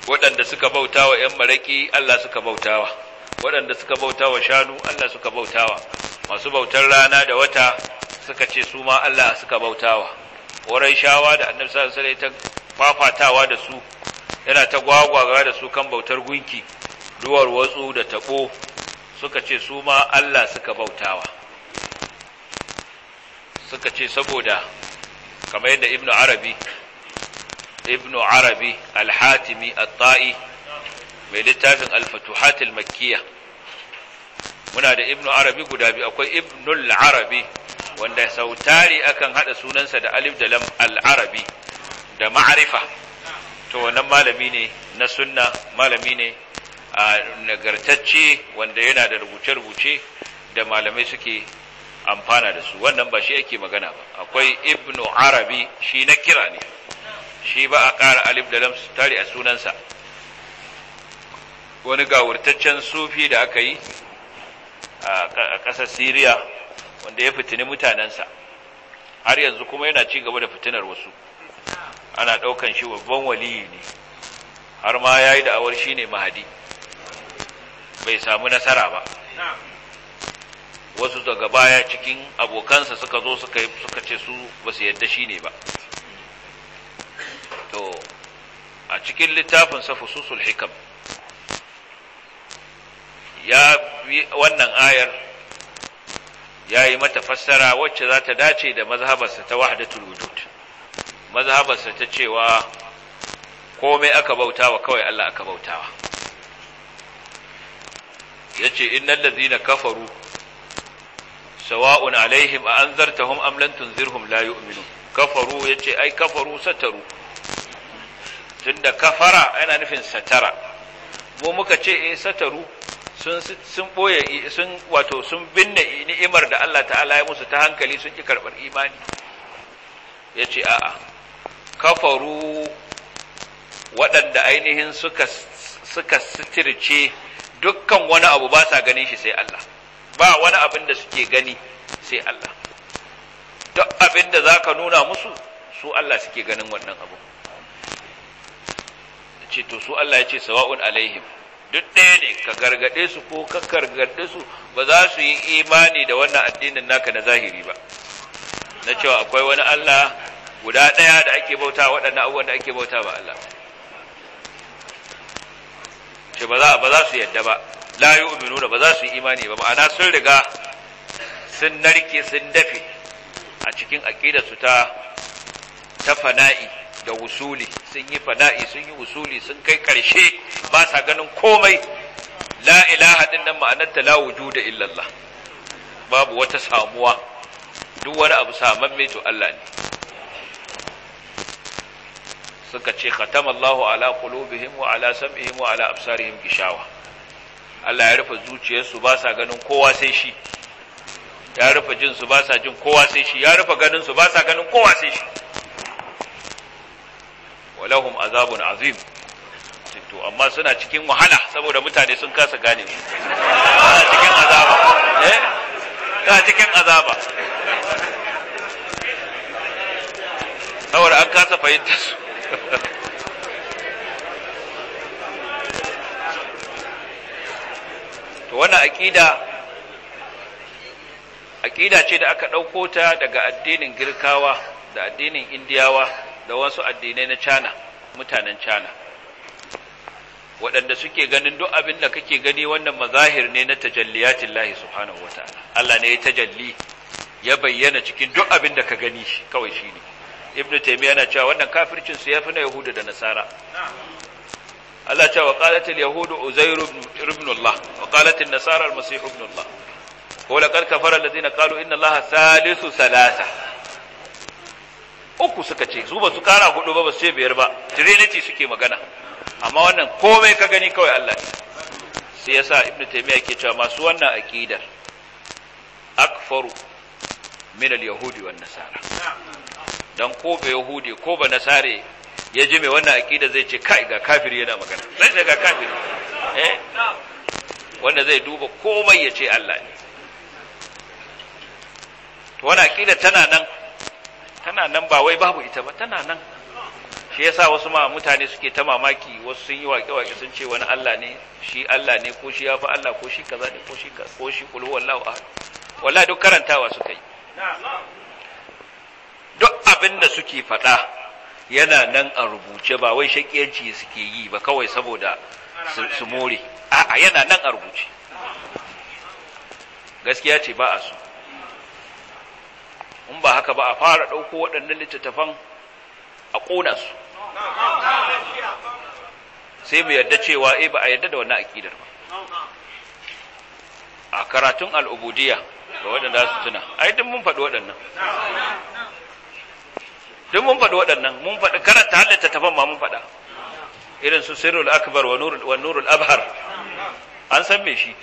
waɗanda suka bautawa ƴan maraƙi Allah suka bautawa waɗanda suka bautawa shanu Allah suka bautawa masu bautar rana da wata suka ce su ma Allah suka bautawa wurin shawa da annabi sallallahu alaihi wasallam fafatawa da su yana ta gwagwaga da su kan bautar gunki duwar watsu da taɓo suka ce su ma Allah suka bautawa suka ce saboda kamar yadda ibnu arabi ibnu arabi al-hatimi at-ta'i mai littafin al-fatuhat al muna da ibnu arabi guda biyu akwai ibnul arabi wanda sautari akan hada sunansa da alif da lam al-arabi da ma'arifa to wannan malami ne na sunna malami ne a nagartacce wanda yana da rubuce-rubuce da malamai suke amfana da su wannan ba shi yake magana ba akwai ibnu arabi shi na kira ne shi ba a ƙara alif da lamsu tare a sunansa wani gawurtaccen sufi da aka yi a ƙasar siriya wanda ya fitini mutanensa har yanzu kuma yana ci gaba da fitinar wasu ana ɗaukan shi babban waliyi ne har ma ya yi da'awar shi ne mahadi bai samu nasara ba wasu daga baya cikin abokansa suka zo suka ce su ba su yadda shi ne ba to a cikin littafin safususul hikam ya bi wannan ayar ya yi mata fassara wacce za ta dace da mazhabarsa ta wahadatul wujud mazhabarsa ta cewa komai aka bautawa kawai Allah aka bautawa Ya yace innal ladhina kafaru sawa'un alaihim a anzartahum am lam tunzirhum layu. yu'minun kafaru ce, ai kafaru sataru tunda kafara yana nufin satara mu muka ce eh sataru sun sun sun wato sun binne ni'imar da Allah ta'ala ya musu ta hankali sun ƙi karɓar imani Ya ce a'a kafaru waɗanda ainihin suka suka sitirce dukkan wani abu ba sa ganin shi sai Allah ba wani abin da suke gani sai Allah duk abin da za ka nuna musu su Allah suke ganin wannan abu ce to su Allah ya ce sawa'un alaihim duk ɗaya ne ka gargaɗe su ko ka gargaɗe su ba za su yi imani da wannan addinin naka na zahiri ba na cewa akwai wani Allah guda ɗaya da ake bauta waɗannan abubuwan da ake bauta ba Allah ce ba za su yadda ba la yi umarnuna ba za su yi imani ba ma'ana sun riga sun narke sun dafe a cikin aƙidarsu ta ta fana'i da wusuli sun yi fana'i sun yi wusuli sun kai ƙarshe ba sa ganin komai la ilaha ɗin nan ma'anarta la da illallah babu wata samuwa duk wani abu saman to Allah ne suka ce khatamallahu ala qulubihim wa ala sam'ihim wa ala absarihim gishawa Allah ya rufe zuciyarsu ba sa ganin kowa sai shi ya rufe jinsu ba sa jin kowa sai shi ya rufe ganinsu ba sa ganin kowa sai shi walahum azabun azim to amma suna cikin wahala saboda mutane sun kasa gane su. suna cikin azaba eh suna cikin azaba saboda an kasa fahimta su to wannan aƙida aƙida ce da aka ɗauko ta daga addinin girkawa da addinin indiyawa da wasu addinai na cana mutanen cana waɗanda suke ganin duk abin da kake gani wannan mazahir ne na tajalliyatin lahi subhanahu wata'ala Allah ne ya tajalli ya bayyana cikin duk abin da ka gani kawai shi ne ibnu taymiya na cewa wannan kafircin su fi na yahuda da nasara Allah cewa wa qalat al yahud uzair ibn Allah wa qalat nasara al masih ibn Allah ko laqad kafara alladhina qalu inna Allah Salisu thalatha uku suka ce su ba su kara hudu ba ba su ce biyar ba trinity suke magana amma wannan komai ka gani kawai Allah ne sai yasa ibnu taymiya ke cewa masu wannan aqidar akfaru min al yahudi wan nasara don ko ba yahudi ko ba nasare ya ji mai wannan aƙida zai ce kai ga kafiri yana magana zai ce ga kafiri eh wanda zai duba komai ya ce Allah ne to wannan aƙida tana nan tana nan ba wai babu ita ba tana nan shi yasa wasu ma mutane suke ta mamaki wasu sun yi waƙe-waƙe sun ce wani Allah ne shi Allah ne ko shi ya fi Allah ko shi kaza ne ko shi ko shi kulhu wallahu ahad wallahi duk karantawa suka yi abin da suke faɗa yana nan a rubuce ba wai shakiyanci suke yi ba kawai saboda su more a'a yana nan a rubuce gaskiya ce ba a so in ba haka ba a fara ɗauko waɗannan littattafan a ƙona su sai mu yarda cewa eh ba a yarda da wannan aƙidar ba a karatun al'ubudiyya ga waɗanda su tuna ai duk mun faɗi waɗannan duk mun faɗi waɗannan mun faɗi karanta har littattafan ma mun faɗa irin su sirrul akbar wa nurul wa nurul abhar an san me shi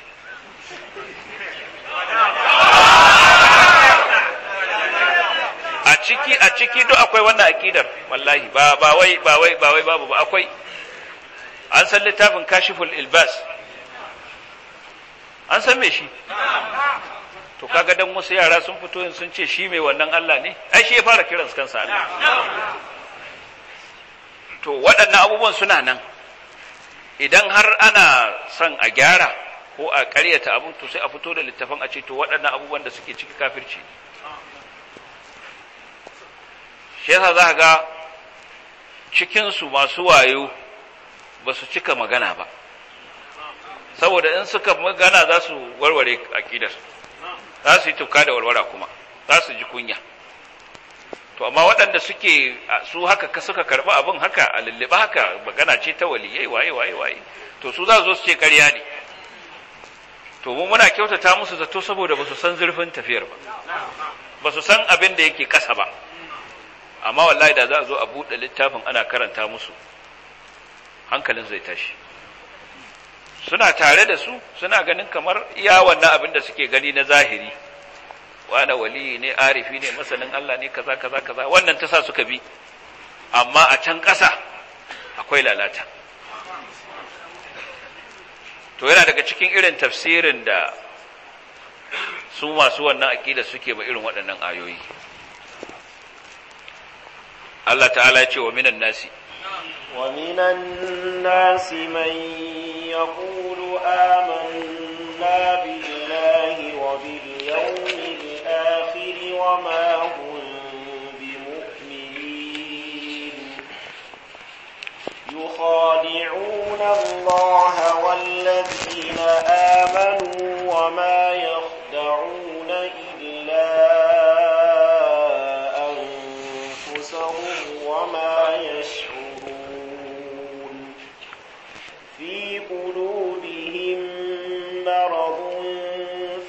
a ciki a ciki duk akwai wannan aƙidar, wallahi ba ba wai ba wai ba wai babu ba akwai an san littafin kashiful ilbas an san me shi to kaga dan wasu yara sun fito sun ce shi mai wannan Allah ne ai shi ya fara kiransu kansa Allah to waɗannan abubuwan suna nan idan har ana son a gyara ko a ƙaryata abin to sai a fito da littafin a ce to waɗannan abubuwan da suke ciki kafirci shi yasa za ga cikinsu masu wayo ba su cika magana ba saboda in suka magana za su warware aƙidar za su yi tufka da walwala kuma za su ji kunya to amma waɗanda suke su haka ka suka karɓi abin haka a lulluɓa haka magana ce ta waliyai waye waye waye to su za su zo su ce karya ne to mu muna kyautata musu zato saboda ba su san zurfin tafiyar ba ba su san abin da yake ƙasa ba amma wallahi da za a zo a buɗe littafin ana karanta musu hankalin zai tashi suna tare da su suna ganin kamar iya wannan abin da suke gani na zahiri wani wali ne arifi ne masanin Allah ne kaza kaza kaza wannan ta sa suka bi amma a can ƙasa akwai lalata to yana daga cikin irin tafsirin da su masu wannan aƙida suke ba irin waɗannan ayoyi Allah ta'ala ya ce wa minan nasi ومن الناس من يقول آمنا بالله وباليوم الآخر وما هم بمؤمنين يخادعون الله والذين آمنوا وما يخدعون إلا أنفسهم وما يشعرون في قلوبهم مرض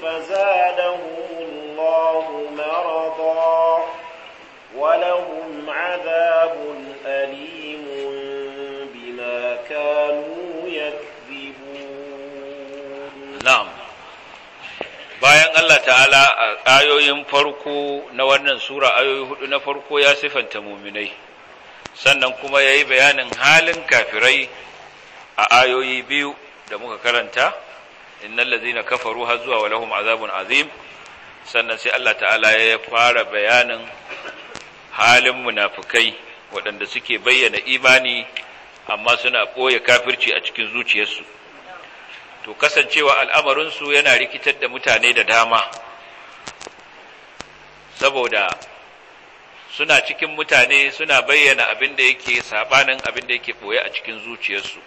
فزادهم الله مرضا ولهم عذاب أليم بما كانوا يكذبون نعم bayan Allah ta'ala a ayoyin farko na wannan sura ayoyi hudu na farko ya sifanta muminai sannan kuma ya yi bayanin halin kafirai a ayoyi biyu da muka karanta innal ladhina kafaru har zuwa walahum azabun azim sannan sai Allah ta'ala ya fara bayanin halin munafikai waɗanda suke bayyana imani amma suna ɓoye kafirci a cikin zuciyarsu to kasancewa al'amarinsu yana rikitar da mutane da dama saboda suna cikin mutane suna bayyana abin da yake sabanin abin da yake ɓoye a cikin zuciyarsu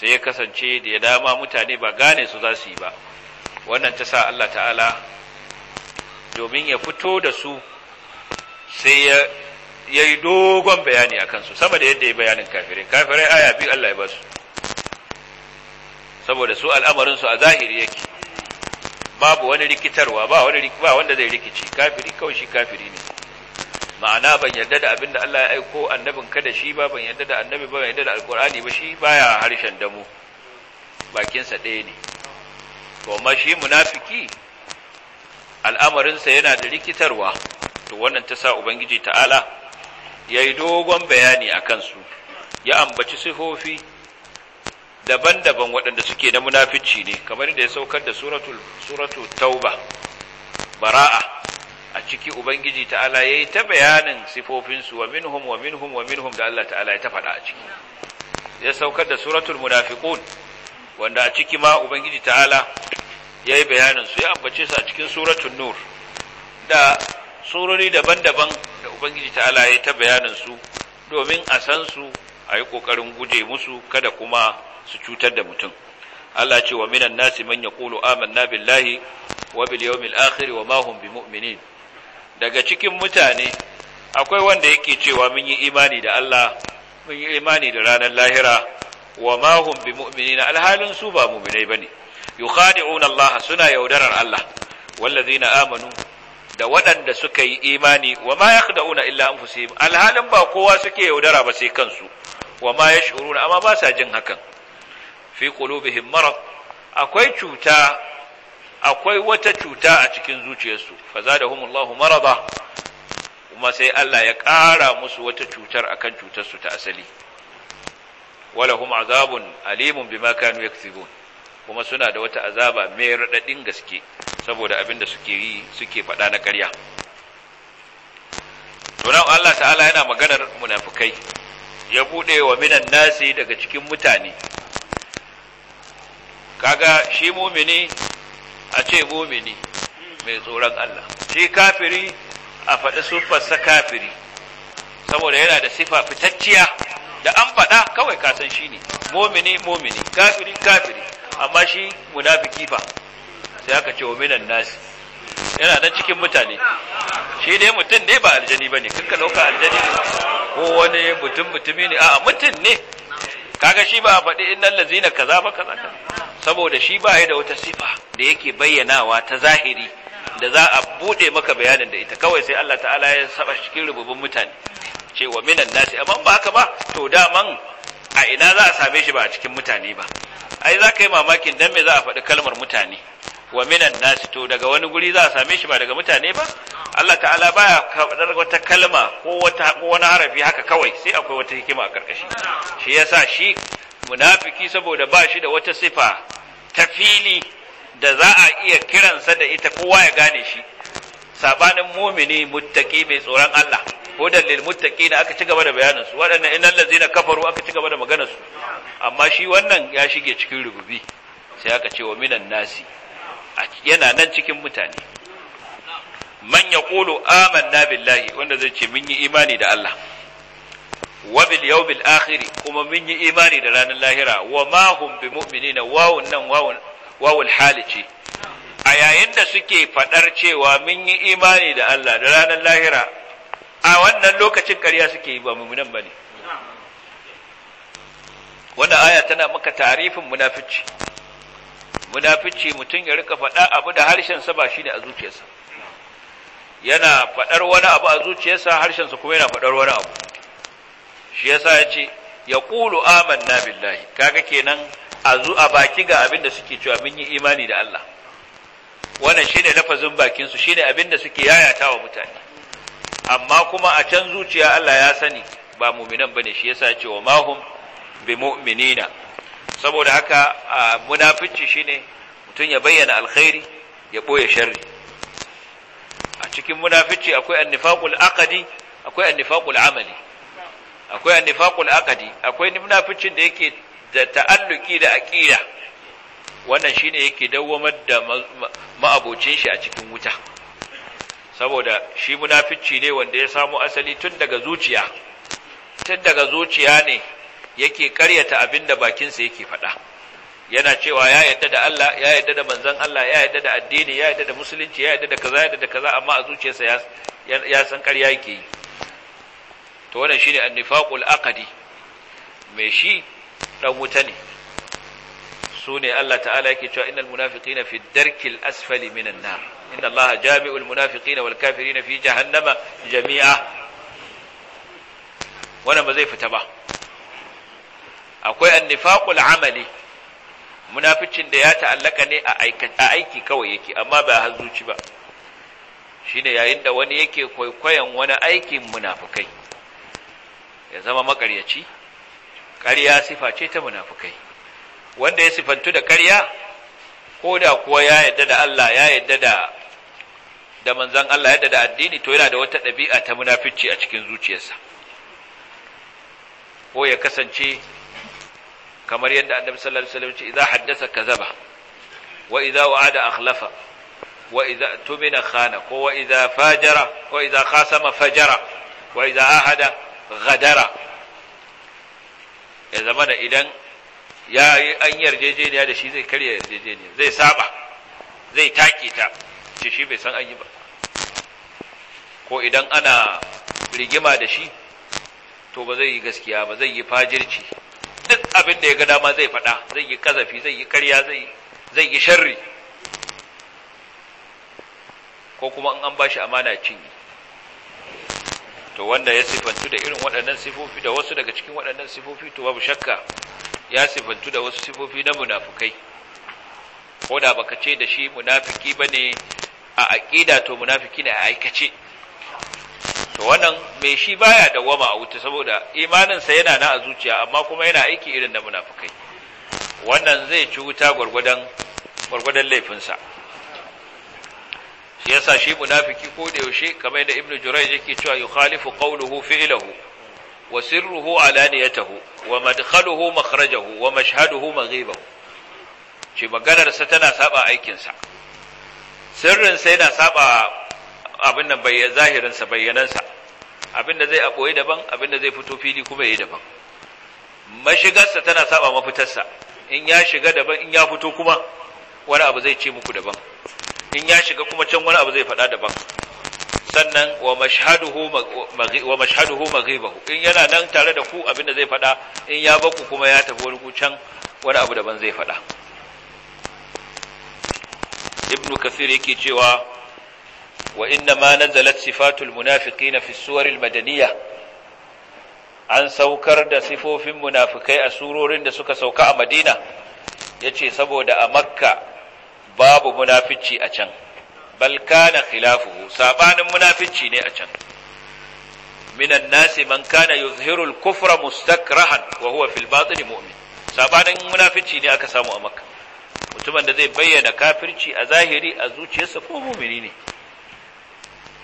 sai ya kasance da ya dama mutane ba gane su za su yi ba wannan ta sa Allah ta'ala domin ya fito da su sai ya yi dogon bayani a kansu sama da yadda ya bayanin kafirai kafirai aya biyu Allah ya ba su saboda su al'amarinsu a zahiri yake babu wani rikitarwa ba wanda zai rikici kafiri kawai shi kafiri ne ma'ana ban yarda da abin da Allah ya aiko annabin ka da shi ba ban yarda da annabi ba ban yarda da alkur'ani ba shi baya harshen damu bakinsa ɗaya ne to amma shi munafiki al'amarinsa yana da rikitarwa to wannan ta sa ubangiji ta'ala ya yi dogon bayani a kansu ya ambaci sifofi daban-daban waɗanda suke na munafici ne kamar da ya saukar da suratu tauba bara'a a ciki ubangiji ta'ala yayi ta bayanin sifofinsu wa minhum wa minhum wa minhum da Allah ta'ala ya ta faɗa a ciki ya saukar da suratul munafiqun wanda a ciki ma ubangiji ta'ala yayi bayanin su ya ambace su a cikin suratul nur da surori daban-daban da ubangiji ta'ala yi ta bayanin su domin a san su a yi ƙoƙarin guje musu kada kuma su cutar da mutum Allah ce wa minan nasi man yaqulu amanna billahi wa bil yawmil akhir wa ma hum bimu'minin daga cikin mutane akwai wanda yake cewa mun yi imani da Allah mun yi imani da ranar lahira wa ma hum bi mu'minina alhalin su ba mu'minai bane yukhadi'una Allah suna yaudarar Allah wallazina amanu da waɗanda suka yi imani wa ma yakhda'una illa anfusihim alhalin ba kowa suke yaudara ba sai kansu wa ma yash'uruna amma ba sa jin hakan fi qulubihim marad akwai cuta akwai wata cuta a cikin zuciyarsu faza da humullahu maraba. kuma sai Allah ya ƙara musu wata cutar akan cutarsu ta asali walahum azabun alimun bima kanu yaktibun kuma suna da wata azaba mai raɗaɗin gaske saboda abin da suke yi suke faɗa na ƙarya to Allah ta'ala yana maganar munafukai. ya bude wa minan nasi daga cikin mutane kaga shi mumini a ce mumini mai tsoron Allah shi kafiri a faɗi siffarsa kafiri saboda yana da sifa fitacciya da an faɗa kawai ka san shi ne mumini mumini kafiri kafiri amma shi munafiki fa sai aka ce wa minan nasi yana nan cikin mutane shi ne mutum ne ba aljani ba ne kanka lauka aljani ko wani mutum mutumi ne a mutum ne kaga shi ba a faɗi innan lazina kaza ba kaza kaza saboda shi ba da wata sifa da yake bayyanawa ta zahiri da za a bude maka bayanin da ita kawai sai Allah ta'ala ya saba cikin rububin mutane cewa minan nasi amma ba haka ba to daman a ina za a same shi ba a cikin mutane ba ai za ka yi mamakin dan me za a faɗi kalmar mutane wa minan nasi to daga wani guri za a same shi ba daga mutane ba Allah ta'ala baya faɗar wata kalma ko wata ko wani harafi haka kawai sai akwai wata hikima a karkashi shi yasa shi munafiki saboda ba shi da wata sifa ta fili da za a iya kiransa da ita kowa ya gane shi sabanin mumini muttaki mai tsoron Allah ko dalil lil da aka ci da bayanin su waɗannan innal ladzina kafaru aka ci gaba da maganar su amma shi wannan ya shige cikin rububi sai aka ce wa minan nasi yana nan cikin mutane man yaqulu amanna billahi wanda zai ce mun yi imani da Allah wa bil yawmil akhir kuma mun yi imani da ranar lahira wa ma hum bi mu'minina wawun nan wawun wawul halici a yayin da suke faɗar cewa mun yi imani da Allah da ranar lahira a wannan lokacin ƙarya suke yi ba ba ne. wannan aya tana maka tarifin munafici munafici mutum ya rika faɗa abu da harshensa ba shi ne a zuciyarsa yana faɗar wani abu a zuciyarsa harshensa kuma yana faɗar wani abu shi yasa ya ce ya ƙulu amanna billahi kaga kenan a zu a baki ga abin da suke cewa mun yi imani da Allah wannan shine lafazin bakin su shine abin da suke yayata wa mutane amma kuma a can zuciya Allah ya sani ba mu'minan bane shi yasa ya ce wa mahum bi mu'minina saboda haka munafici shine mutum ya bayyana alkhairi ya ɓoye sharri a cikin munafici akwai annifaqul akadi, akwai annifaqul amali akwai Nifaqul aqdi akwai munaficin da yake da ta'alluki da aqida wannan shine yake dawwamar da ma'abocin shi a cikin wuta saboda shi munafici ne wanda ya samu asali tun daga zuciya tun daga zuciya ne yake karyata abinda bakinsa yake faɗa yana cewa ya yadda da Allah ya yadda da manzon Allah ya yadda da addini ya yadda da musulunci ya yadda da kaza ya yadda da kaza amma a zuciyarsa ya san ƙarya yake yi to wannan ne annifaqul aqdi mai shi dan wuta ne su ne Allah ta'ala yake cewa innal na fi darkil asfali minan nar inna Allah jami'ul munafiqina wal na fi jahannama jami'a wannan ba zai fita ba akwai annifaqul amali munaficin da ya ta'allaka ne a aiki kawai yake amma ba har zuci ba shine yayin da wani yake kwaikwayon wani aikin munafikai ya zama makaryaci ƙarya sifa ce ta munafukai wanda ya sifantu da ƙarya ko da kuwa ya yadda da Allah ya yadda da da manzan Allah yadda da addini to yana da wata ɗabi'a ta munafici a cikin zuciyarsa ko ya kasance kamar yadda annabi sallallahu alaihi wasallam ce idza haddasa kazaba wa idza wa'ada akhlafa wa idza tumina khana ko wa idza fajara ko idza khasama fajara wa idza ahada gadara ya zama da idan ya yi an yarjejeniya da shi zai karya yarjejeniya zai saba zai take ta ce shi bai san an yi ba ko idan ana rigima da shi to ba zai yi gaskiya ba zai yi fajirci duk abin da ya ga dama zai faɗa zai yi kazafi zai yi karya zai yi sharri ko kuma an ba shi amana cinye to wanda ya sifantu da irin waɗannan sifofi da wasu daga cikin waɗannan sifofi to babu shakka ya sifantu da wasu sifofi na munafukai ko da baka ce da shi munafiki bane a aqida to munafiki ne a aikace to wannan mai shi baya da wama a wuta saboda imaninsa yana na a zuciya amma kuma yana aiki irin na munafukai wannan zai ci wuta gwargwadon gwargwadon laifinsa shi yasa shi munafiki ko da yaushe kamar yadda ibnu jurayj yake cewa yukhalifu qawluhu fi'luhu wa sirruhu alaniyatahu wa madkhaluhu makhrajahu wa mashhaduhu maghibahu ce maganar sa tana saba aikin sa sirrin sa yana saba abin nan bayyana, zahirin sa bayyanan sa abin da zai aboye daban abin da zai fito fili kuma yayi daban mashigar sa tana saba mafitar sa in ya shiga daban in ya fito kuma wani abu zai ce muku daban in ya shiga kuma can wani abu zai faɗa daban sannan wa mashhaduhu maghibahu in yana nan tare da ku abinda zai faɗa in ya baku kuma ya tafi wani can wani abu daban zai faɗa ibn kathir yake cewa wa inna ma nazalat sifatul munafiqina fi suwar al an saukar da sifofin munafikai a surorin da suka sauka a Madina yace saboda a Makka babu munafici a can balkana kana khilafuhu sabanin munafici ne a can minan nasi man kana yuzhiru al-kufra mustakrahan wa huwa fil batin mu'min sabanin munafici ne aka samu a makka mutumin da zai bayyana kafirci a zahiri a zuciyarsa ko mu'mini ne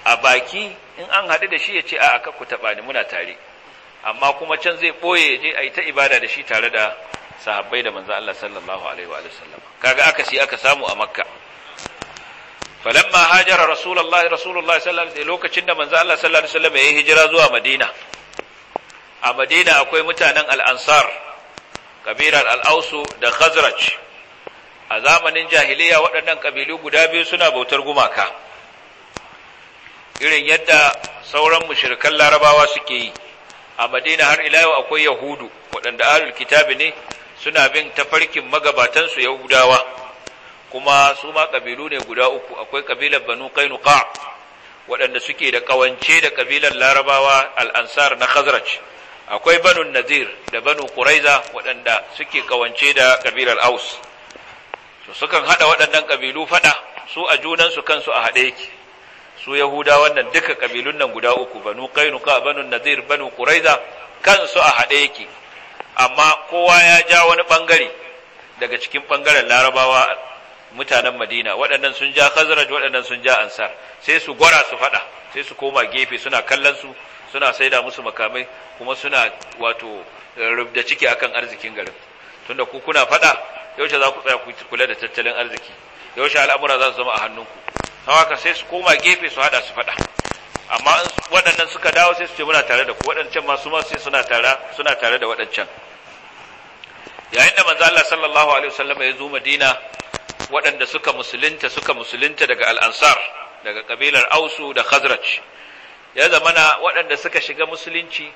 a baki in an haɗu da shi ya ce aka aka ku taɓa ni muna tare amma kuma can zai ɓoye je a yi ta ibada da shi tare da sahabbai da manzo Allah sallallahu alaihi wa sallama kaga aka si aka samu a makka falamma hajara rasulullahi rasulullahi sallallahu alaihi lokacin da manzo Allah sallallahu alaihi wasallam yi hijira zuwa Madina a Madina akwai mutanen al-Ansar kabilar al da Khazraj a zamanin jahiliya waɗannan kabilu guda biyu suna bautar gumaka irin yadda sauran mushrikan larabawa suke yi a Madina har ila yau akwai Yahudu waɗanda ahlul kitabi ne suna bin tafarkin magabatansu yahudawa kuma su ma ƙabilu ne guda uku akwai ƙabilar banu kainuka waɗanda suke da ƙawance da ƙabilar larabawa al'ansar na khazraj akwai banu nazir da banu kuraiza waɗanda suke ƙawance da ƙabilar aus su sukan haɗa waɗannan ƙabilu faɗa su a junansu kansu a haɗe yake su yahuda wannan duka ƙabilun nan guda uku banu kainuka banu nazir banu kuraiza kansu a haɗe yake amma kowa ya ja wani bangare daga cikin bangaren larabawa mutanen madina waɗannan sun ja khazraj waɗannan sun ja ansar sai su gwara su faɗa sai su koma gefe suna kallon su suna saida musu makamai kuma suna wato eh, rubda ciki akan arzikin garin tunda ku kuna faɗa yaushe za ku tsaya ku kula da tattalin arziki yaushe al'amura za su zama a hannunku haka sai su koma gefe su haɗa su faɗa amma waɗannan suka dawo sai su ce muna tare da ku waɗancan masu masu sai suna tare suna tare da waɗancan yayin da manzo Allah sallallahu alaihi wasallam ya zo Madina waɗanda suka musulunta suka musulunta daga al-Ansar daga kabilar Ausu da Khazraj ya zamana waɗanda suka shiga musulunci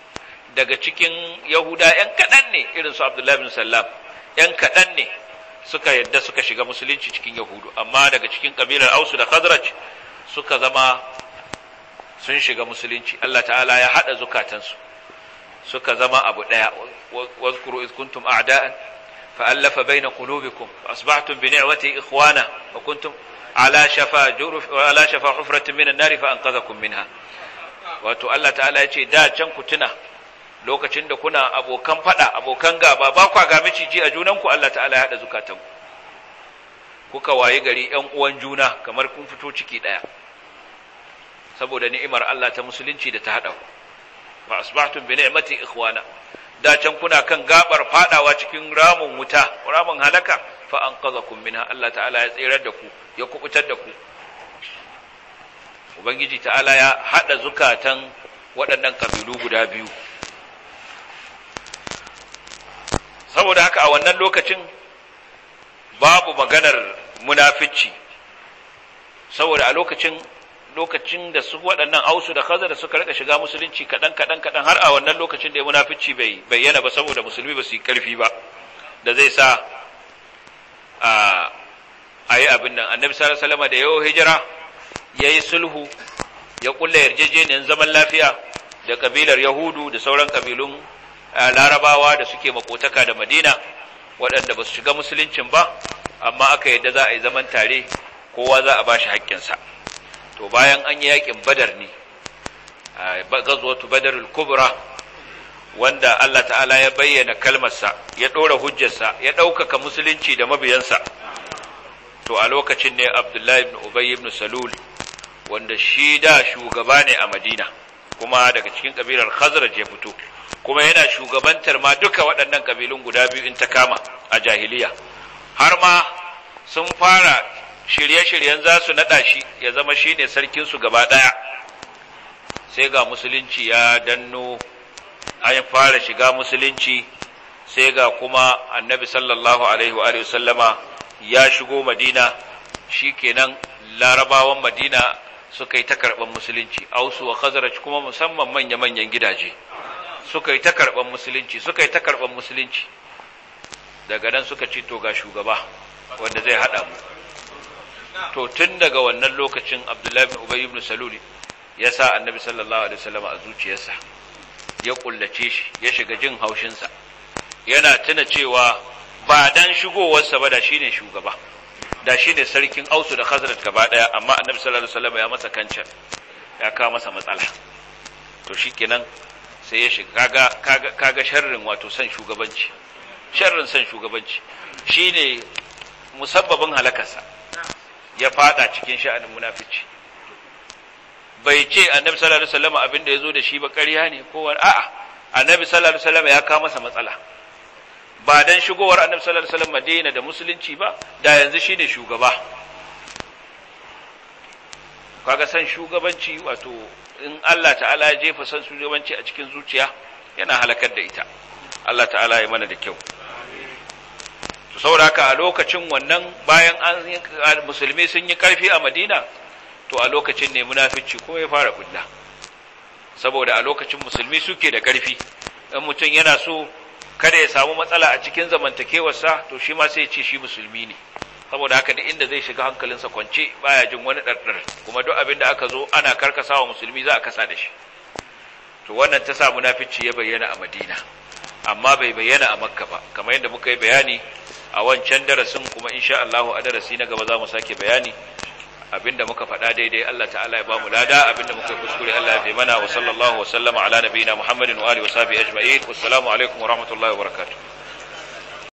daga cikin Yahuda ‘yan kaɗan ne irin su Abdullahi bin Sallam ‘yan kaɗan ne suka yadda suka shiga musulunci cikin Yahudu amma daga cikin kabilar Ausu da Khazraj suka zama sun shiga musulunci Allah ta'ala ya haɗa zukatansu suka zama abu ɗaya. wazkuru iz kuntum a'da'an baina qulubikum asbahtum bi ni'mati ikhwana wa kuntum ala shafa juruf wa ala shafa hufratin minan nar fa anqadhakum minha wato Allah ta'ala ya ce da can ku tuna lokacin da kuna abokan fada abokan gaba ba kwa ga miciji a junanku Allah ta'ala ya hada zukatanku kuka waye gari 'yan uwan juna kamar kun fito ciki ɗaya saboda ni'imar Allah ta musulunci da ta haɗa ku fa asbahtum bi ni'mati ikhwana da can kuna kan gabar fadawa cikin ramin wuta ramin halaka fa anqadhakum minha Allah ta'ala ya tsirar da ku ya kubutar da ku ubangiji ta'ala ya hada zukatan waɗannan kabilu guda biyu saboda haka a wannan lokacin babu maganar munafici saboda a lokacin lokacin da su waɗannan ausu da khazar suka rika shiga musulunci kaɗan kaɗan kaɗan har a wannan lokacin da ya munafici bai bayyana ba saboda musulmi ba su yi ƙarfi ba da zai sa a yi abin nan annabi sallallahu alaihi wasallam da yau hijira ya yi sulhu ya kulla yarjejeniyar zaman lafiya da kabilar yahudu da sauran kabilun larabawa da suke makotaka da madina waɗanda ba su shiga musuluncin ba amma aka yadda za a yi zaman tare kowa za a ba shi haƙƙinsa to bayan an yi yakin badar ne gazwatu badarul kubra wanda Allah ta'ala ya bayyana kalmarsa ya ɗora hujjarsa ya ɗaukaka musulunci da mabiyansa to a lokacin ne abdullahi ibn ubayy ibn salul wanda shi da shugaba ne a madina kuma daga cikin kabilar khazraj ya fito kuma yana shugabantar ma duka waɗannan kabilun guda biyu in ta kama a jahiliya har ma sun fara shirye-shiryen za su naɗa shi ya zama shi ne sarkinsu gaba ɗaya sai ga musulunci ya danno an fara shiga musulunci sai ga kuma annabi sallallahu alaihi wa sallama ya shigo madina shi kenan larabawan madina suka yi ta karɓar musulunci ausu wa khazaraci kuma musamman manya-manyan gidaje suka yi ta karɓar musulunci suka yi ta karɓar musulunci daga nan suka ce to ga shugaba wanda zai haɗa mu to tun daga wannan lokacin abdullahi bin ubay bin saluli ya sa annabi sallallahu alaihi wasallam a zuciyarsa ya kullace shi ya shiga jin haushinsa yana tuna cewa ba dan shigowarsa ba da shine shugaba da shine sarkin ausu da khazraj gaba daya amma annabi sallallahu alaihi wasallam ya masa kancan ya kawo masa matsala to shikenan sai ya shiga kaga kaga sharrin wato san shugabanci sharrin san shugabanci shine musabbabin halakarsa ya fada cikin sha'anin munafici bai ce annabi sallallahu alaihi wasallam abin da yazo da shi ba ƙarya ne ko wani a'a annabi sallallahu alaihi wasallam ya kawo masa matsala ba dan shigowar annabi sallallahu alaihi wasallam Madina da musulunci ba da yanzu shine shugaba kaga san shugabanci wato in Allah ta'ala ya jefa san shugabanci a cikin zuciya yana halakar da ita Allah ta'ala ya mana da kyau to saboda a lokacin wannan bayan an musulmi sun yi karfi a madina to a lokacin ne munafici kuma ya fara bulla saboda a lokacin musulmi suke da karfi in mutum yana so kada ya samu matsala a cikin zamantakewarsa to shi ma sai ya ce shi musulmi ne saboda haka da inda zai shiga hankalinsa kwance baya jin wani ɗarɗar kuma duk abin da aka zo ana karkasawa musulmi za a kasa da shi to wannan ta sa munafici ya bayyana a madina amma bai bayyana a makka ba kamar yadda muka yi bayani a wancan darasin kuma insha Allah a darasi na gaba za mu sake bayani abinda muka faɗa daidai Allah ta'ala ya ba mu lada abinda muka kuskure Allah ya fi mana wa sallallahu wa sallama ala nabiyina Muhammadin wa alihi wa sahbihi ajma'in assalamu alaikum wa rahmatullahi wa barakatuh